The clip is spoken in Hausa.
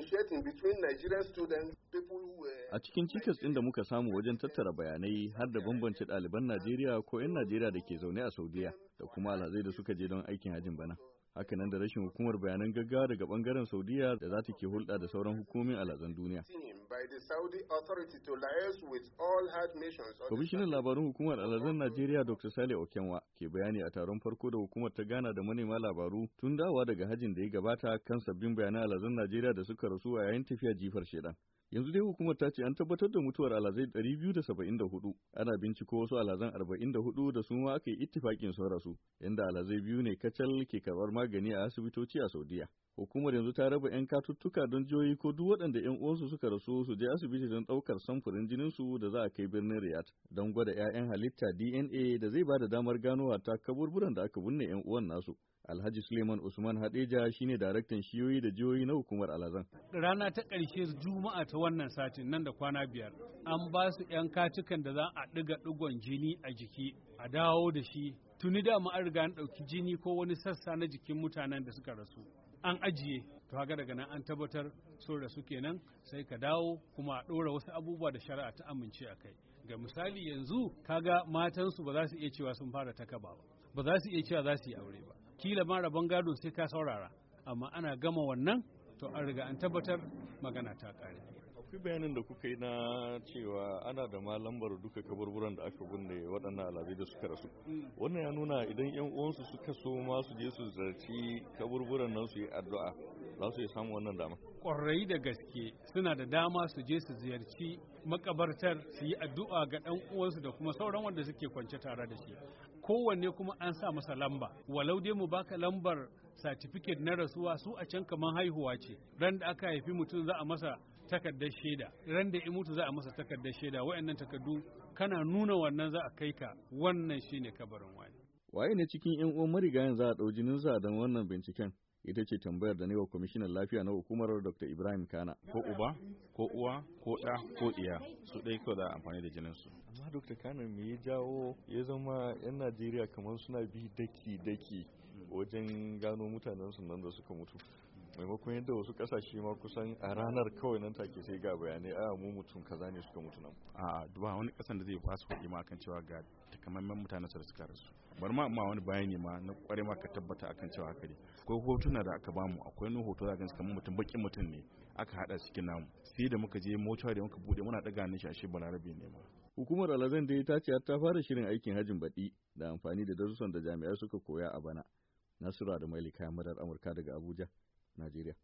differentiating between Nigerian students, people who were uh, A cikin cikas ɗin da muka samu wajen tattara bayanai har da bambance ɗaliban Najeriya ko 'yan Najeriya da ke zaune a Saudiya da kuma alhazai da suka je don aikin hajin bana. Hakanan da rashin hukumar bayanan gaggawa daga bangaren Saudiya da za ta ke hulɗa da sauran hukumomin alhazan duniya. Kwamishinan labarun hukumar alhazan Najeriya Dr. Sale Okenwa ke bayani a taron farko da hukumar ta gana da manema labaru tun dawa daga hajin da ya gabata kan sabbin bayanan alhazan Najeriya da suka rasu a yayin tafiya jifar shedan. Yanzu dai hukumar ta ce an tabbatar da mutuwar alazai 274 ana binciko wasu alazan 44 da sun aka yi ittifakin sun rasu, inda alazai biyu ne kacal ke karɓar magani a asibitoci a Saudiya. Hukumar yanzu ta raba 'yan katuttuka don jihohi ko duk waɗanda 'yan uwansu suka rasu su je asibiti don ɗaukar samfurin jininsu da za a kai birnin riyad don gwada 'ya'yan halitta DNA da zai ba da damar ganowa ta kaburburan da aka binne 'yan uwan nasu. Alhaji Suleiman Usman Hadeja shine daraktan shiyoyi da jihohi na hukumar Alazan. Rana ta ƙarshe Juma'a ta wannan satin nan da kwana biyar an ba su 'yan katukan da za a ɗiga ɗigon jini a jiki a dawo da shi tuni da an riga an ɗauki jini ko wani sassa na jikin mutanen da suka rasu an ajiye to haka daga nan an tabbatar sun rasu kenan sai ka dawo kuma a ɗora wasu abubuwa da shari'a ta amince a kai ga misali yanzu kaga matansu ba za su iya cewa sun fara takaba ba ba za su iya cewa za su yi aure ba kila ma rabon gado sai ka saurara amma ana gama wannan to an riga an tabbatar magana ta ƙare fi bayanin da kuka yi na cewa ana da ma lambar duka kaburburan da aka binne waɗannan alazai da suka rasu wannan ya nuna idan yan uwansu suka so ma su je su zarci kaburburan nan su yi addu'a za su yi samu wannan dama ƙwarai da gaske suna da dama su je su ziyarci makabartar su yi addu'a ga ɗan uwansu da kuma sauran wanda suke kwance tare da shi kowanne kuma an sa masa lamba walau dai mu baka lambar satifiket na rasuwa su a can kamar haihuwa ce ran da aka haifi mutum za a masa takardar shaida ran da ya mutu za a masa takardar shaida wayannan takardu kana nuna wannan za a kai ka wannan shine kabarin wani waye ne cikin yan uwan marigayen za a ɗau sa don wannan binciken ita ce tambayar da wa kwamishinan lafiya na hukumar dr ibrahim kana ko uba ko uwa ko ɗa ko iya su ɗai kawai da amfani da jininsu amma dr kana me ya jawo ya zama yan najeriya kamar suna bi daki daki wajen gano mutanen nan da suka mutu maimakon yadda wasu kasashe ma kusan a ranar kawai nan take sai ga bayanai a mu mutum kaza ne suka mutu nan a duba wani kasan da zai su kuɗi ma kan cewa ga takamaiman mutanen da suka rasu bar ma amma wani bayani ma na kware ma ka tabbata akan cewa haka ne ko hotuna da aka bamu akwai wani hoto da ganin kamar mutum bakin mutum ne aka hada cikin namu sai da muka je mota da muka bude muna daga nishi ashe balarabe ne ma hukumar alazan da ta ce ta fara shirin aikin hajin baɗi da amfani da darussan da jami'ai suka koya a bana nasura da mailika murar amurka daga abuja Najeriya